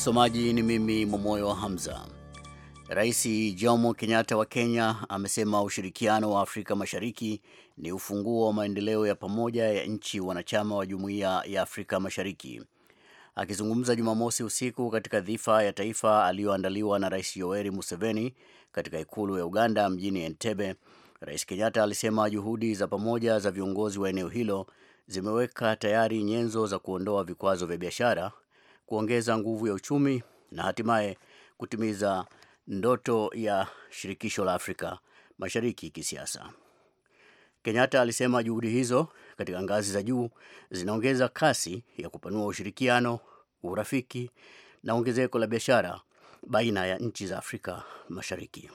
Msomaji ni mimi Momoyo wa Hamza. Rais Jomo Kenyatta wa Kenya amesema ushirikiano wa Afrika Mashariki ni ufunguo wa maendeleo ya pamoja ya nchi wanachama wa Jumuiya ya Afrika Mashariki. Akizungumza Jumamosi usiku katika dhifa ya taifa aliyoandaliwa na Rais Yoweri Museveni katika ikulu ya Uganda mjini Entebbe, Rais Kenyatta alisema juhudi za pamoja za viongozi wa eneo hilo zimeweka tayari nyenzo za kuondoa vikwazo vya biashara kuongeza nguvu ya uchumi na hatimaye kutimiza ndoto ya shirikisho la Afrika Mashariki kisiasa. Kenyatta alisema juhudi hizo katika ngazi za juu zinaongeza kasi ya kupanua ushirikiano, urafiki na ongezeko la biashara baina ya nchi za Afrika Mashariki.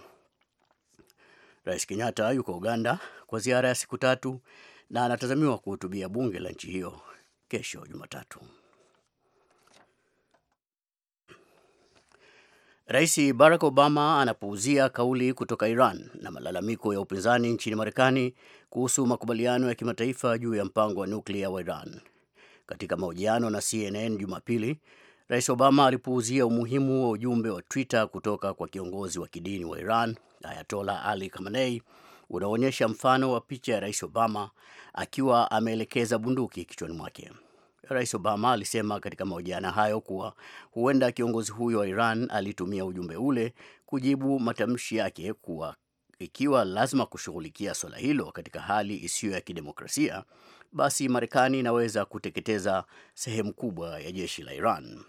Rais Kenyatta yuko Uganda kwa ziara ya siku tatu na anatazamiwa kuhutubia bunge la nchi hiyo kesho Jumatatu. Rais Barack Obama anapuuzia kauli kutoka Iran na malalamiko ya upinzani nchini Marekani kuhusu makubaliano ya kimataifa juu ya mpango wa nuklia wa Iran. Katika mahojiano na CNN Jumapili, Rais Obama alipuuzia umuhimu wa ujumbe wa Twitter kutoka kwa kiongozi wa kidini wa Iran, Ayatola Ali Khamenei, unaonyesha mfano wa picha ya Rais Obama akiwa ameelekeza bunduki kichwani mwake. Rais Obama alisema katika mahojiano hayo kuwa huenda kiongozi huyo wa Iran alitumia ujumbe ule kujibu matamshi yake kuwa ikiwa lazima kushughulikia suala hilo katika hali isiyo ya kidemokrasia, basi Marekani inaweza kuteketeza sehemu kubwa ya jeshi la Iran.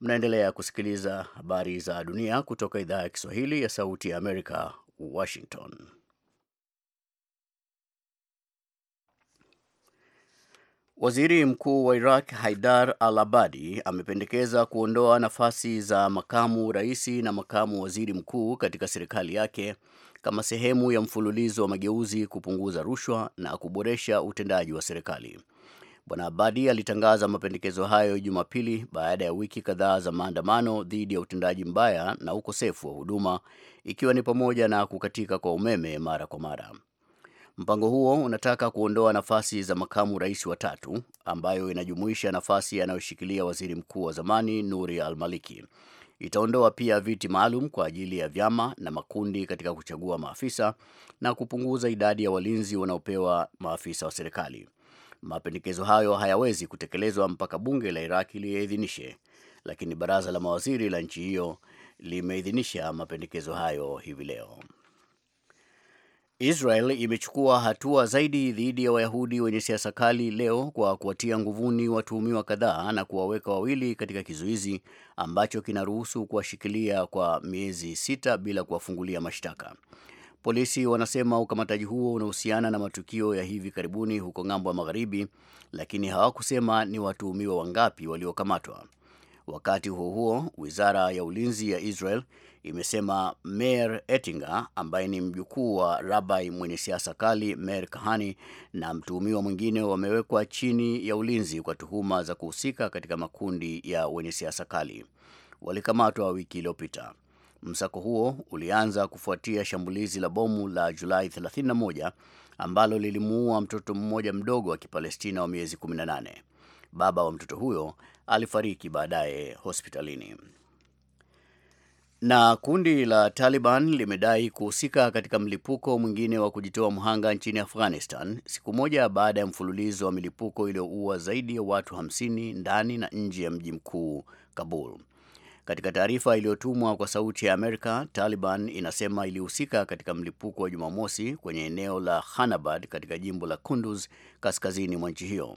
Mnaendelea kusikiliza habari za dunia kutoka idhaa ya Kiswahili ya Sauti ya Amerika, Washington. Waziri Mkuu wa Iraq Haidar al-Abadi amependekeza kuondoa nafasi za makamu raisi na makamu waziri mkuu katika serikali yake kama sehemu ya mfululizo wa mageuzi kupunguza rushwa na kuboresha utendaji wa serikali. Bwana Abadi alitangaza mapendekezo hayo Jumapili baada ya wiki kadhaa za maandamano dhidi ya utendaji mbaya na ukosefu wa huduma ikiwa ni pamoja na kukatika kwa umeme mara kwa mara. Mpango huo unataka kuondoa nafasi za makamu rais watatu ambayo inajumuisha nafasi anayoshikilia waziri mkuu wa zamani Nuri al-Maliki. Itaondoa pia viti maalum kwa ajili ya vyama na makundi katika kuchagua maafisa na kupunguza idadi ya walinzi wanaopewa maafisa wa serikali. Mapendekezo hayo hayawezi kutekelezwa mpaka bunge la Iraki liyeidhinishe lakini baraza la mawaziri la nchi hiyo limeidhinisha mapendekezo hayo hivi leo. Israel imechukua hatua zaidi dhidi ya Wayahudi wenye siasa kali leo kwa kuwatia nguvuni watuhumiwa kadhaa na kuwaweka wawili katika kizuizi ambacho kinaruhusu kuwashikilia kwa miezi sita bila kuwafungulia mashtaka. Polisi wanasema ukamataji huo unahusiana na matukio ya hivi karibuni huko ng'ambo ya magharibi, lakini hawakusema ni watuhumiwa wangapi waliokamatwa. Wakati huo huo, Wizara ya Ulinzi ya Israel imesema Mer Ettinger ambaye ni mjukuu wa rabai mwenye siasa kali mer kahani na mtuhumiwa mwingine wamewekwa chini ya ulinzi kwa tuhuma za kuhusika katika makundi ya wenye siasa kali. Walikamatwa wiki iliyopita. Msako huo ulianza kufuatia shambulizi la bomu la Julai 31 ambalo lilimuua mtoto mmoja mdogo wa Kipalestina wa miezi 18. Baba wa mtoto huyo alifariki baadaye hospitalini. Na kundi la Taliban limedai kuhusika katika mlipuko mwingine wa kujitoa mhanga nchini Afghanistan, siku moja baada ya mfululizo wa milipuko iliyoua zaidi ya watu 50 ndani na nje ya mji mkuu Kabul. Katika taarifa iliyotumwa kwa Sauti ya Amerika, Taliban inasema ilihusika katika mlipuko wa Jumamosi kwenye eneo la Khanabad katika jimbo la Kunduz kaskazini mwa nchi hiyo.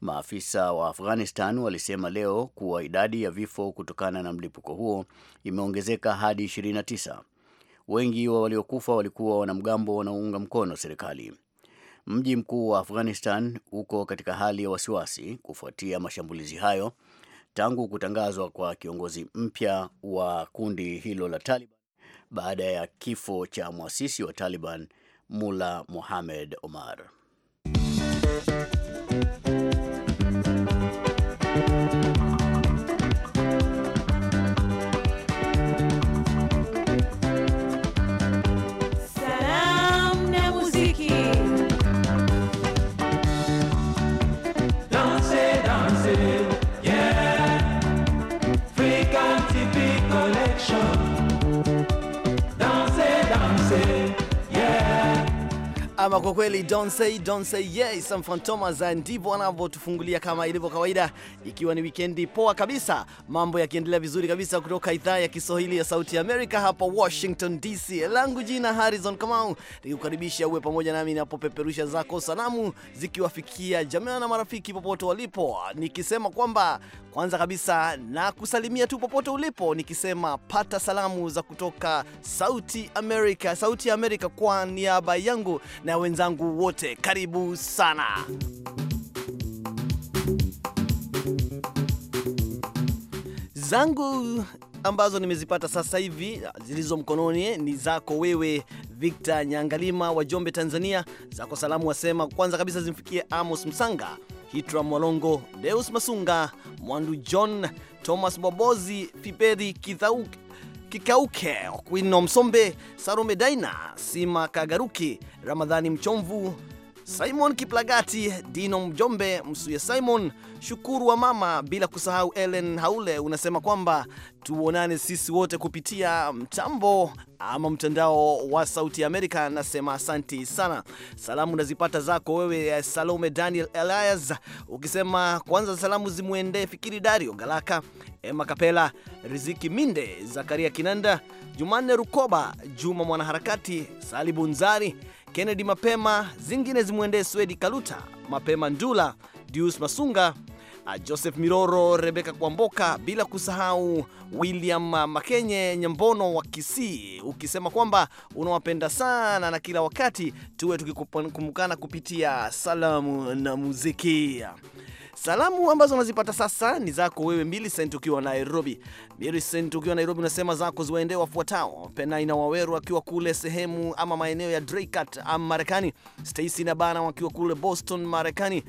Maafisa wa Afghanistan walisema leo kuwa idadi ya vifo kutokana na mlipuko huo imeongezeka hadi 29. Wengi wa waliokufa walikuwa wanamgambo wanaounga mkono serikali. Mji mkuu wa Afghanistan uko katika hali ya wasiwasi kufuatia mashambulizi hayo tangu kutangazwa kwa kiongozi mpya wa kundi hilo la Taliban baada ya kifo cha mwasisi wa Taliban Mula mohamed Omar. kwa kweli, don't say don't say yeah, Sam Fantomas ndivyo anavyotufungulia kama ilivyo kawaida, ikiwa ni wikendi poa kabisa, mambo yakiendelea vizuri kabisa, kutoka idhaa ya Kiswahili ya Sauti ya Amerika hapa Washington DC. Langu jina Harrison Kamau, nikukaribisha uwe pamoja nami napopeperusha zako salamu zikiwafikia jamaa na marafiki popote walipo, nikisema kwamba kwanza kabisa na kusalimia tu popote ulipo, nikisema pata salamu za kutoka Sauti Amerika, Sauti ya Amerika kwa niaba yangu na wenza wenzangu wote, karibu sana. zangu ambazo nimezipata sasa hivi zilizo mkononi ni zako wewe Victor Nyangalima wa Jombe, Tanzania. Zako salamu wasema kwanza kabisa zimfikie Amos Msanga, Hitra Mwalongo, Deus Masunga, Mwandu John, Thomas Bobozi, Fiperi Kithauki Kikauke Okwino Msombe, Sarume Daina, Sima Kagaruki, Ramadhani Mchomvu, Simon Kiplagati, Dino Mjombe, Msuya Simon, Shukuru wa mama, bila kusahau Ellen Haule, unasema kwamba tuonane sisi wote kupitia mtambo ama mtandao wa Sauti Amerika. Nasema asanti sana. Salamu nazipata zako wewe Salome Daniel Elias, ukisema kwanza salamu zimwendee Fikiri Dario Galaka, Emma Kapela, Riziki Minde, Zakaria Kinanda, Jumanne Rukoba, Juma Mwanaharakati, Salibunzari Kennedy Mapema, zingine zimwendee Swedi Kaluta, Mapema Ndula, Dius Masunga, Joseph Miroro, Rebeka Kwamboka, bila kusahau William Makenye Nyambono wa Kisii, ukisema kwamba unawapenda sana na kila wakati tuwe tukikumbukana kupitia salamu na muziki. Salamu ambazo unazipata sasa ni zako wewe Sent ukiwa Nairobi. Sent ukiwa Nairobi unasema zako ziwaendee wafuatao: ina Waweru akiwa kule sehemu ama maeneo ya Draycott Marekani, Stacy na Bana wakiwa kule Boston Marekani,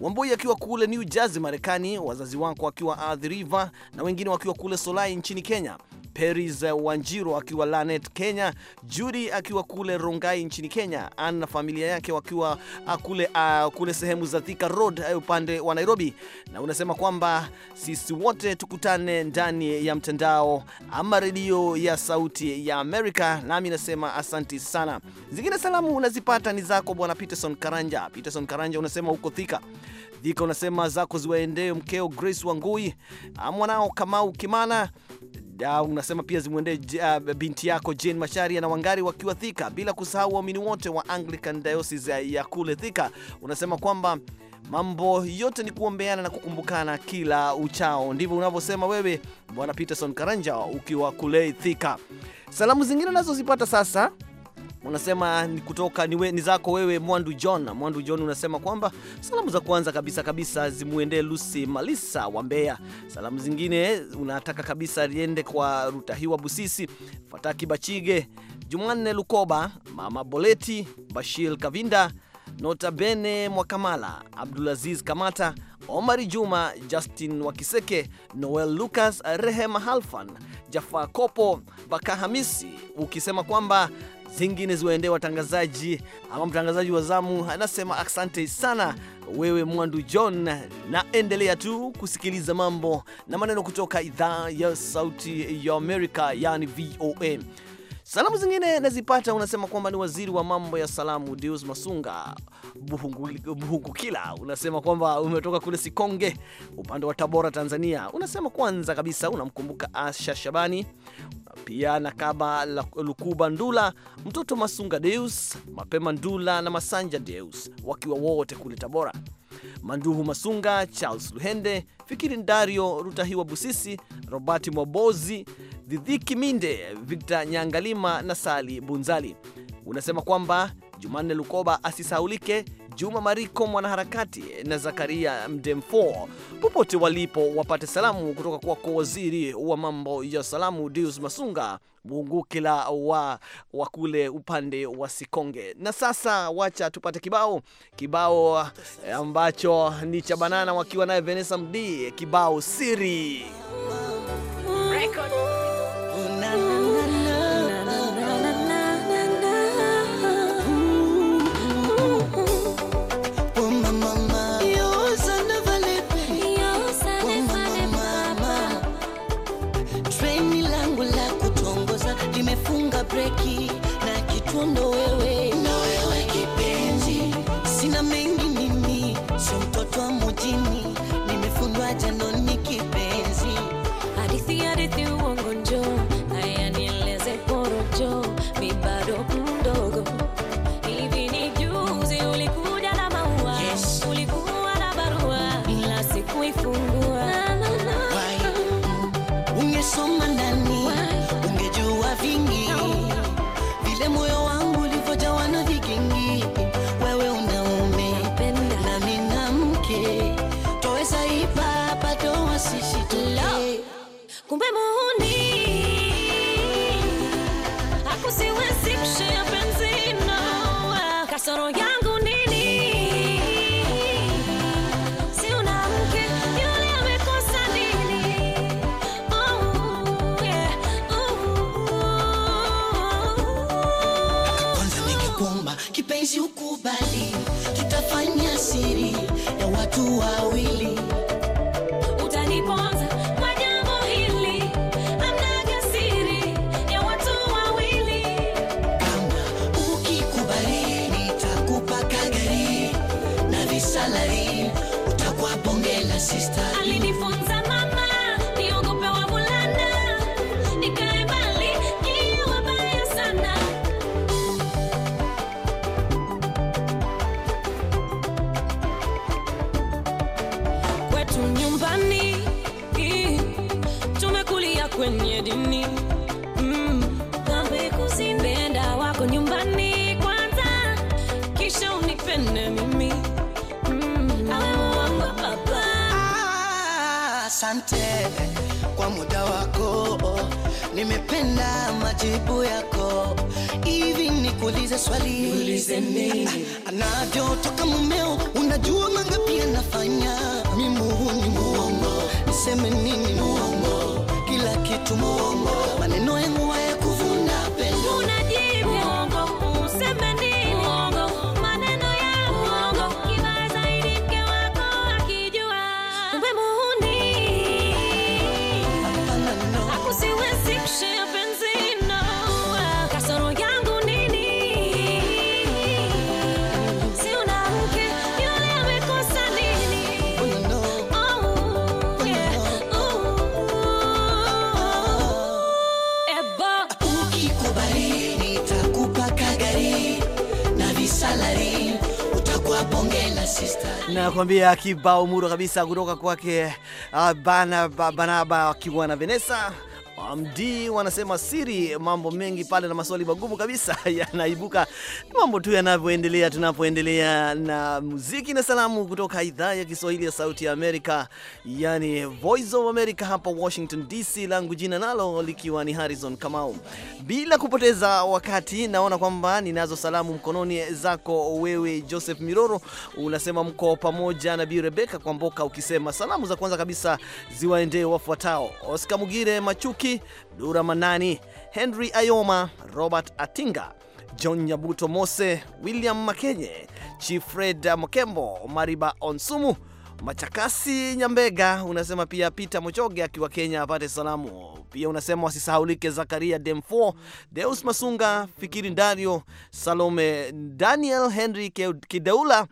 Wamboi akiwa kule New Jersey, Marekani, wazazi wako wakiwa Athi River na wengine wakiwa kule Solai nchini Kenya, Peris Wanjiro akiwa Lanet, Kenya, Judi akiwa kule Rongai nchini Kenya, ana na familia yake wakiwa ah, kule, uh, kule sehemu za Thika Road eh, upande wa Nairobi, na unasema kwamba sisi wote tukutane ndani ya mtandao ama redio ya Sauti ya Amerika, nami nasema asanti sana. Zingine salamu unazipata ni zako Bwana Peterson Karanja. Peterson Karanja unasema huko Thika Dhika unasema zako ziwaendee mkeo Grace Wangui, mwanao Kamau Kimana. Da, unasema pia zimwendee uh, binti yako Jane masharia na Wangari wakiwa Thika, bila kusahau waumini wote wa Anglican Diocese ya kule Thika. Unasema kwamba mambo yote ni kuombeana na kukumbukana kila uchao. Ndivyo unavyosema wewe, Bwana Peterson Karanja, ukiwa kule Thika. Salamu zingine nazozipata sasa unasema ni kutoka ni, we, ni zako wewe Mwandu John. Mwandu John unasema kwamba salamu za kwanza kabisa kabisa zimuendee Lucy Malisa wa Mbeya. Salamu zingine unataka kabisa liende kwa Rutahiwa Busisi, Fataki Bachige, Jumanne Lukoba, Mama Boleti, Bashir Kavinda, bene Mwakamala, Abdulaziz Kamata, Omari Juma, Justin Wakiseke, Noel Lucas, Rehema Halfan, Jafar Kopo, bakahamisi ukisema kwamba zingine ziwaendee watangazaji ama mtangazaji wa zamu anasema asante sana wewe Mwandu John, na endelea tu kusikiliza mambo na maneno kutoka idhaa ya Sauti ya Amerika, yani VOA. Salamu zingine nazipata, unasema kwamba ni waziri wa mambo ya salamu Deus Masunga Buhungukila kila, Unasema kwamba umetoka kule Sikonge upande wa Tabora, Tanzania. Unasema kwanza kabisa unamkumbuka Asha Shabani pia na Kaba Lukuba Ndula, mtoto Masunga Deus, Mapema Ndula na Masanja Deus wakiwa wote kule Tabora. Manduhu Masunga, Charles Luhende, Fikiri Ndario Rutahiwa Busisi, robati Mwabozi dhidhiki Minde, Victor Nyangalima na Sali Bunzali. Unasema kwamba Jumanne Lukoba asisaulike, Juma Mariko mwanaharakati na Zakaria Mdemfo popote walipo wapate salamu kutoka kwako waziri wa mambo ya salamu dius Masunga Mungukila wa, wa kule upande wa Sikonge. Na sasa wacha tupate kibao kibao ambacho ni cha Banana wakiwa naye Vanessa Mdee, kibao siri Record. keep on nimefanya mi Mungu ni muongo, niseme nini muongo, kila kitu muongo, maneno yangu nakwambia kibao muro kabisa kutoka kwake uh, bana banaba akiwa na Vanessa mdi wanasema siri, mambo mengi pale na maswali magumu kabisa yanaibuka, mambo tu yanavyoendelea, tunapoendelea na muziki na salamu kutoka idhaa ya Kiswahili ya Sauti ya Amerika, yani Voice of America hapa Washington DC, langu jina nalo likiwa ni Harrison Kamau. Bila kupoteza wakati, naona kwamba ninazo salamu mkononi zako wewe Joseph Miroro, unasema mko pamoja na Bi Rebeka Kwamboka, ukisema salamu za kwanza kabisa ziwaendee wafuatao: Oscar Mugire Machuki Dura Manani, Henry Ayoma, Robert Atinga, John Nyabuto Mose, William Makenye, Chief Fred Mokembo, Mariba Onsumu, Machakasi Nyambega unasema pia Peter Mochoge akiwa Kenya apate salamu. Pia unasema wasisahaulike Zakaria Demfo, Deus Masunga, Fikiri Dario, Salome Daniel, Henry Kideula,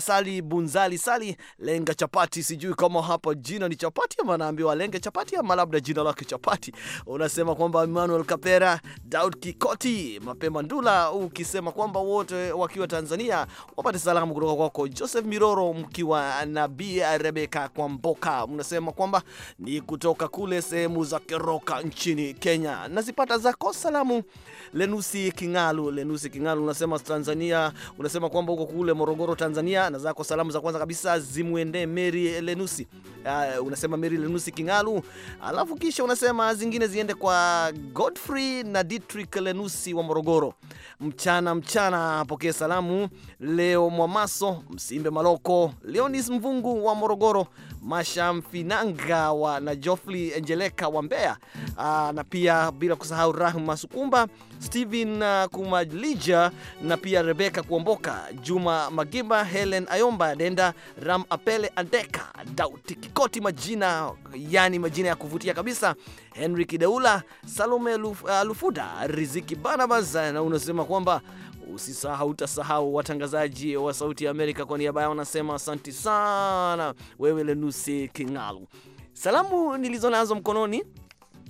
Sali Bunzali, Sali Lenga Chapati. Sijui kama hapo jina ni chapati ama naambiwa Lenga Chapati ama labda jina lake Chapati. Unasema kwamba Emmanuel Kapera, Daud Kikoti, Mapema Ndula, ukisema kwamba wote wakiwa Tanzania wapate salamu kutoka kwako Joseph Miroro mkiwa na Bia Rebeka Kwamboka, unasema kwamba ni kutoka kule sehemu za Keroka nchini Kenya. Nazipata zako salamu. Lenusi Kingalu, Lenusi Kingalu unasema Tanzania, unasema kwamba huko kule Morogoro, Tanzania, na zako salamu za kwanza kabisa zimwendee Mary Lenusi. Uh, unasema Mary Lenusi Kingalu, alafu kisha unasema zingine ziende kwa Godfrey na Dietrich Lenusi wa Morogoro. Mchana mchana apokee salamu leo Mwamaso Msimbe Maloko, Leonis Mvungu Mungu wa Morogoro, Mashamfinanga wa na Jofli Enjeleka wa Mbeya, ah, na pia bila kusahau Rahma Sukumba, Steven ah, Kumalija na pia Rebeka Kuomboka, Juma Magimba, Helen Ayomba Denda, Ram Apele Andeka, Dauti Kikoti, majina yani majina ya kuvutia kabisa, Henry Kideula, Salome ah, Lufuda, Riziki Barnabas, na unasema kwamba Usisahau, utasahau watangazaji wa Sauti ya Amerika. Kwa niaba yao wanasema asanti sana, wewe Lenusi Kingalu. Salamu nilizo nazo mkononi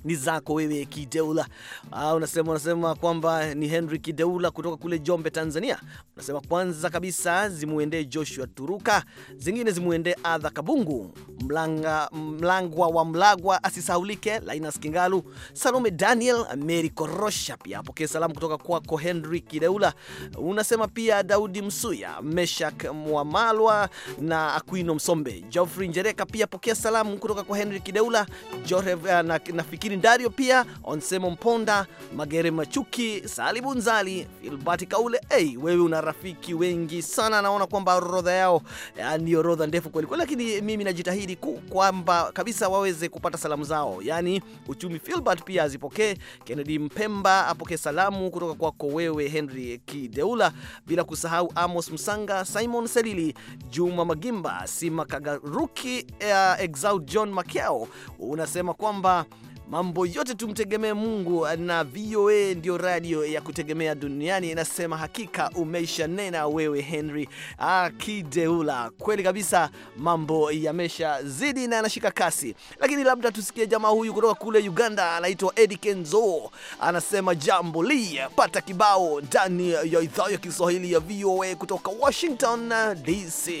ni zako wewe Kideula. Ah, unasema unasema kwamba ni Henry Kideula kutoka kule Jombe, Tanzania. Unasema kwanza kabisa zimuende Joshua Turuka, zingine zimuende Adha Kabungu, Mlanga Mlangwa wa Mlagwa asisahulike, Linus Kingalu, Salome Daniel, Mary Korosha pia apokee salamu kutoka kwako Henry Kideula. Unasema pia Daudi Msuya, Meshak Mwamalwa na Aquino Msombe, Geoffrey Njereka pia apokea salamu kutoka kwa Henry Kideula. Jorev, na, na fikiri Edwin Dario, pia Onsemo Mponda, Magere Machuki, Salibu Nzali, Filbati Kaule. Hey, wewe una rafiki wengi sana, naona kwamba orodha yao eh, ni orodha ndefu kweli kweli, lakini mimi najitahidi kwamba kabisa waweze kupata salamu zao, yani uchumi Filbert pia azipokee, Kennedy Mpemba apokee salamu kutoka kwako wewe Henry Kideula, bila kusahau Amos Msanga, Simon Selili, Juma Magimba, Sima Kagaruki, uh, Exaud John Makeo, unasema kwamba Mambo yote tumtegemee Mungu, na VOA ndio radio ya kutegemea duniani inasema, hakika umeisha nena wewe Henry Akideula. Kweli kabisa, mambo yamesha zidi na yanashika kasi, lakini labda tusikie jamaa huyu kutoka kule Uganda, anaitwa Eddie Kenzo, anasema jambo li pata kibao ndani ya idhaa ya Kiswahili ya VOA kutoka Washington DC.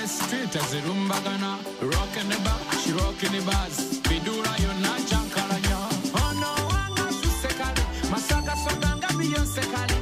dressed straight as a Roomba Ghana. Rockin' the bar, she rockin' the bars. Bidura na yona chankalanya. Ono oh, wanga Sekali. masaka so soganga Sekali.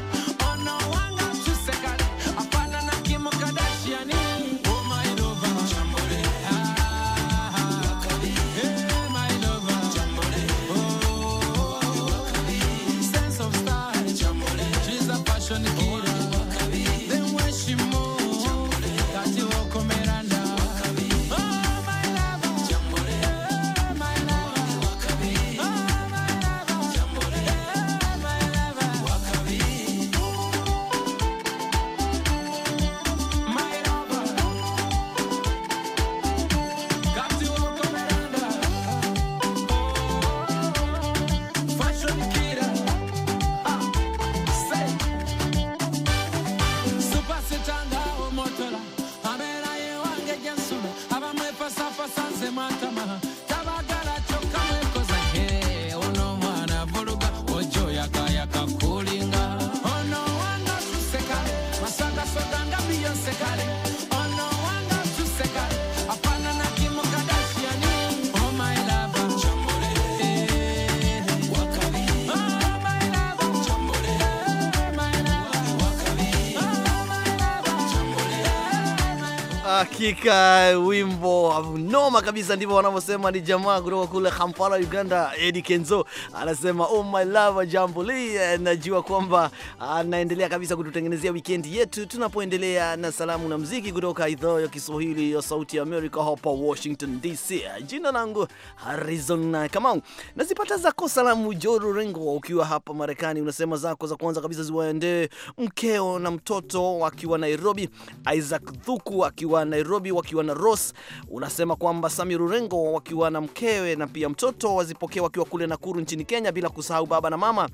Hakika wimbo noma kabisa, ndivyo wanavyosema. Ni jamaa kutoka kule Kampala, Uganda, Eddie Kenzo anasema oh my love, jambo li. Eh, najua kwamba anaendelea ah, kabisa kututengenezea wikendi yetu, tunapoendelea na salamu na mziki kutoka idhaa ya Kiswahili ya Sauti ya Amerika hapa Washington DC. Jina langu Harrison Kamau, nazipata zako salamu. Joru Rengo, ukiwa hapa Marekani, unasema zako za kwanza kabisa ziwaendee mkeo na mtoto wakiwa Nairobi, Isaac Thuku akiwa Nairobi, wakiwa na Ross. Unasema kwamba Samir Rengo wakiwa na mkewe na pia mtoto wazipokee wakiwa kule Nakuru nchini Kenya, bila kusahau baba na mama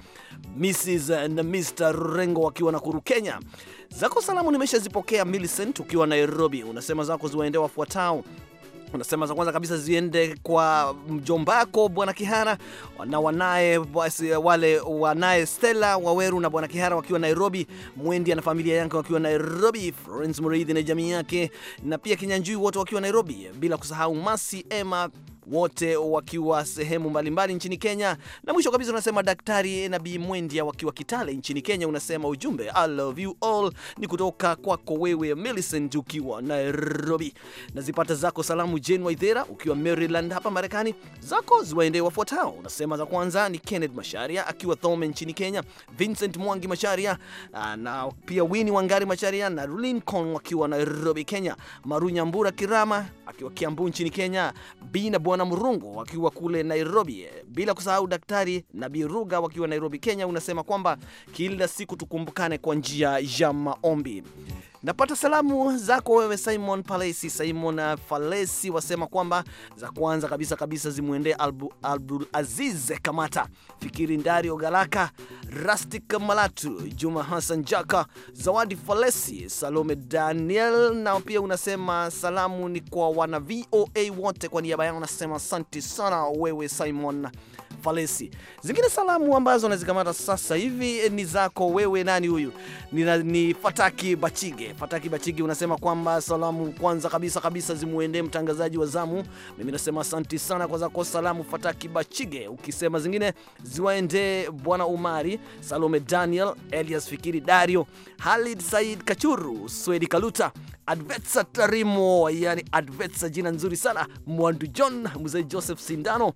Mrs. na Mr. Rurengo wakiwa Nakuru, Kenya. Zako salamu nimeshazipokea. Millicent ukiwa Nairobi, unasema zako ziwaende wafuatao unasema za kwanza kabisa ziende kwa mjombako Bwana Kihara na wanaye wale wanaye Stella Waweru na Bwana Kihara wakiwa Nairobi, Mwendi na familia yake wakiwa Nairobi, Florence Muriithi na jamii yake, na pia Kinyanjui wote wakiwa Nairobi, bila kusahau Masi Emma wote wakiwa sehemu mbalimbali nchini Kenya. Na mwisho kabisa unasema Daktari na Bi Mwendia wakiwa Kitale nchini Kenya, unasema ujumbe I love you all ni kutoka kwako wewe Millicent ukiwa Nairobi. Na zipata zako salamu Jane Waithera ukiwa Maryland hapa Marekani, zako ziwaende wafuatao. Unasema za kwanza ni Kenneth Masharia akiwa Thome nchini Kenya, Vincent Mwangi Masharia ah, na pia Wini Wangari Masharia na Lincoln wakiwa Nairobi Kenya, Marunya Mbura Kirama akiwa Kiambu nchini Kenya, Bina Murungu wakiwa kule Nairobi, bila kusahau Daktari na Biruga wakiwa Nairobi, Kenya, unasema kwamba kila siku tukumbukane kwa njia ya maombi. Napata salamu zako wewe Simon Palesi. Simon Falesi wasema kwamba za kwanza kabisa kabisa zimwendee Abdul Aziz Kamata, Fikiri Ndario, Galaka Rastik Malatu, Juma Hassan Jaka, Zawadi Falesi, Salome Daniel, na pia unasema salamu ni kwa wana VOA wote. Kwa niaba yao nasema asante sana wewe Simon Falesi. Zingine salamu ambazo nazikamata sasa hivi eh, ni zako wewe, nani huyu? Ni, ni Fataki Bachige. Fataki Bachige unasema kwamba salamu kwanza kabisa kabisa zimuendee mtangazaji wa zamu. Mimi nasema asanti sana kwa zako salamu Fataki Bachige, ukisema zingine ziwaendee Bwana Umari, Salome Daniel, Elias Fikiri, Dario Halid, Said Kachuru, Swedi Kaluta, Advetsa Tarimo, yani Advetsa, jina nzuri sana Mwandu John, Mzee Joseph Sindano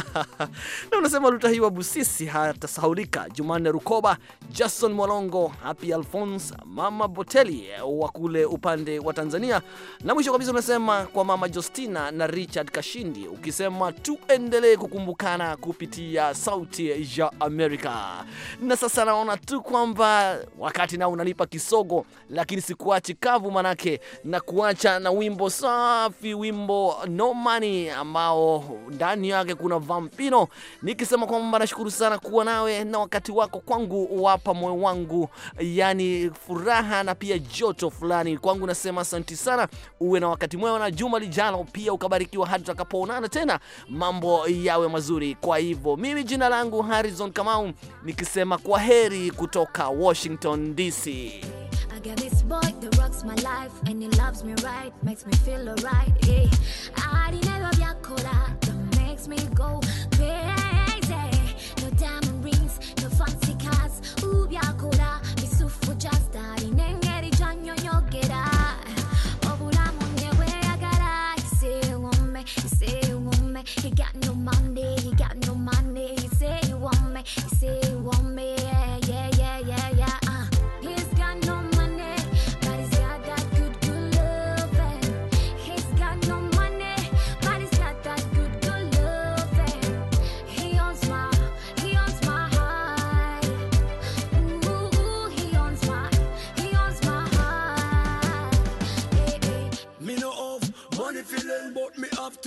na unasema wa Busisi hatasahaulika, Jumanne Rukoba, Jason Mwalongo, Happy Alphonse, Mama Boteli wa kule upande wa Tanzania, na mwisho kabisa unasema kwa Mama Justina na Richard Kashindi, ukisema tuendelee kukumbukana kupitia Sauti ya Amerika. Na sasa naona tu kwamba wakati nao unanipa kisogo, lakini sikuachi kavu manake na kuacha na wimbo safi, wimbo No Money ambao ndani yake kuna Vampino nikisema kwamba nashukuru sana kuwa nawe na wakati wako kwangu, wapa moyo wangu yani furaha na pia joto fulani kwangu. Nasema asanti sana, uwe na wakati mwema na juma lijalo pia ukabarikiwa, hadi tutakapoonana tena, mambo yawe mazuri. Kwa hivyo mimi jina langu Harrison Kamau nikisema kwa heri kutoka Washington DC. right, me go crazy. No diamond rings, no fancy cars. 우비아코라 미수포 just 다리 냉게리 전연역이라. He got no money, he got no money. He say you want me, he say you want me.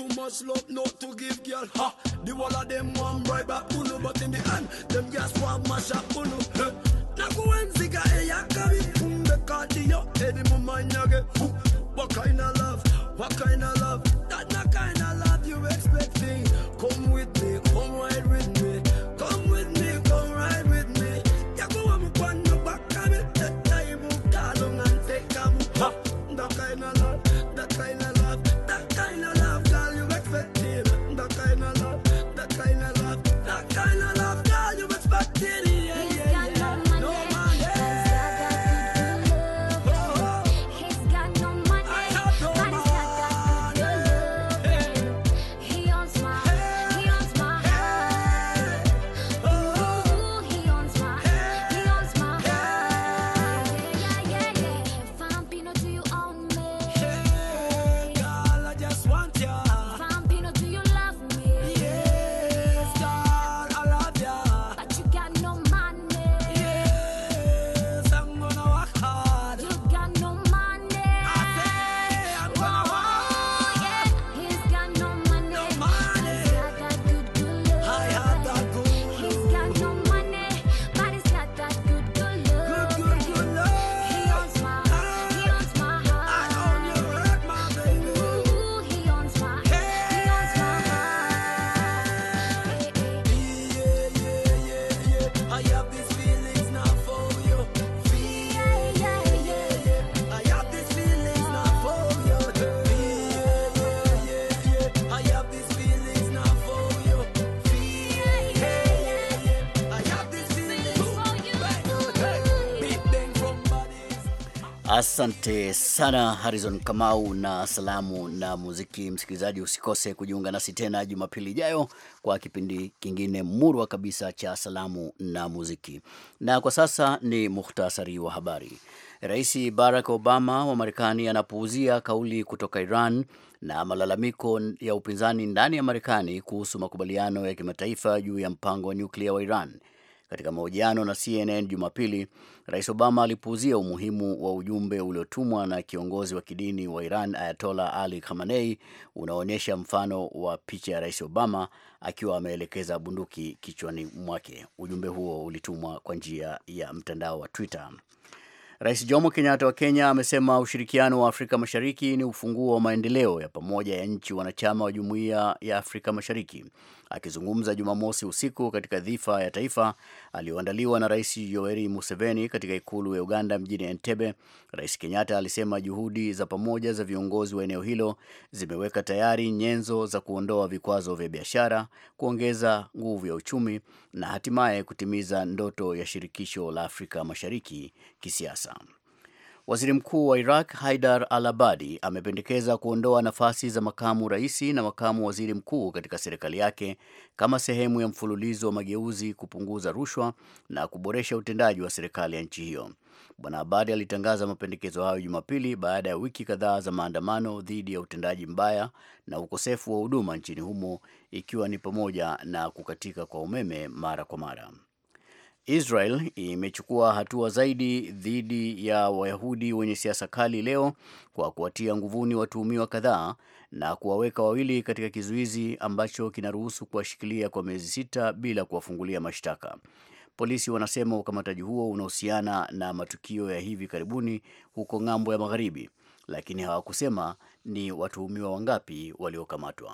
Too much love not to give, girl. Ha! The wall of them one right back puno, but in the end, them just want mash up puno. Naku wenzika eyakabi kumbe kadiyo, edi mumanyage. What kind of love? What kind of love? Asante sana Harrison Kamau na salamu na muziki. Msikilizaji, usikose kujiunga nasi tena Jumapili ijayo kwa kipindi kingine murwa kabisa cha salamu na muziki. Na kwa sasa ni muhtasari wa habari. Rais Barack Obama wa Marekani anapuuzia kauli kutoka Iran na malalamiko ya upinzani ndani ya Marekani kuhusu makubaliano ya kimataifa juu ya mpango wa nyuklia wa Iran. Katika mahojiano na CNN Jumapili, Rais Obama alipuuzia umuhimu wa ujumbe uliotumwa na kiongozi wa kidini wa Iran Ayatollah Ali Khamenei unaonyesha mfano wa picha ya Rais Obama akiwa ameelekeza bunduki kichwani mwake. Ujumbe huo ulitumwa kwa njia ya mtandao wa Twitter. Rais Jomo Kenyatta wa Kenya amesema ushirikiano wa Afrika Mashariki ni ufunguo wa maendeleo ya pamoja ya nchi wanachama wa Jumuiya ya Afrika Mashariki. Akizungumza Jumamosi usiku katika dhifa ya taifa aliyoandaliwa na Rais Yoweri Museveni katika ikulu ya Uganda mjini Entebbe, Rais Kenyatta alisema juhudi za pamoja za viongozi wa eneo hilo zimeweka tayari nyenzo za kuondoa vikwazo vya biashara, kuongeza nguvu ya uchumi na hatimaye kutimiza ndoto ya shirikisho la Afrika Mashariki kisiasa. Uingereza. Waziri mkuu wa Iraq Haidar al Abadi amependekeza kuondoa nafasi za makamu raisi na makamu waziri mkuu katika serikali yake kama sehemu ya mfululizo wa mageuzi kupunguza rushwa na kuboresha utendaji wa serikali ya nchi hiyo. Bwana Abadi alitangaza mapendekezo hayo Jumapili baada ya wiki kadhaa za maandamano dhidi ya utendaji mbaya na ukosefu wa huduma nchini humo, ikiwa ni pamoja na kukatika kwa umeme mara kwa mara. Israel imechukua hatua zaidi dhidi ya Wayahudi wenye siasa kali leo kwa kuwatia nguvuni watuhumiwa kadhaa na kuwaweka wawili katika kizuizi ambacho kinaruhusu kuwashikilia kwa miezi sita bila kuwafungulia mashtaka. Polisi wanasema ukamataji huo unahusiana na matukio ya hivi karibuni huko ng'ambo ya magharibi, lakini hawakusema ni watuhumiwa wangapi waliokamatwa.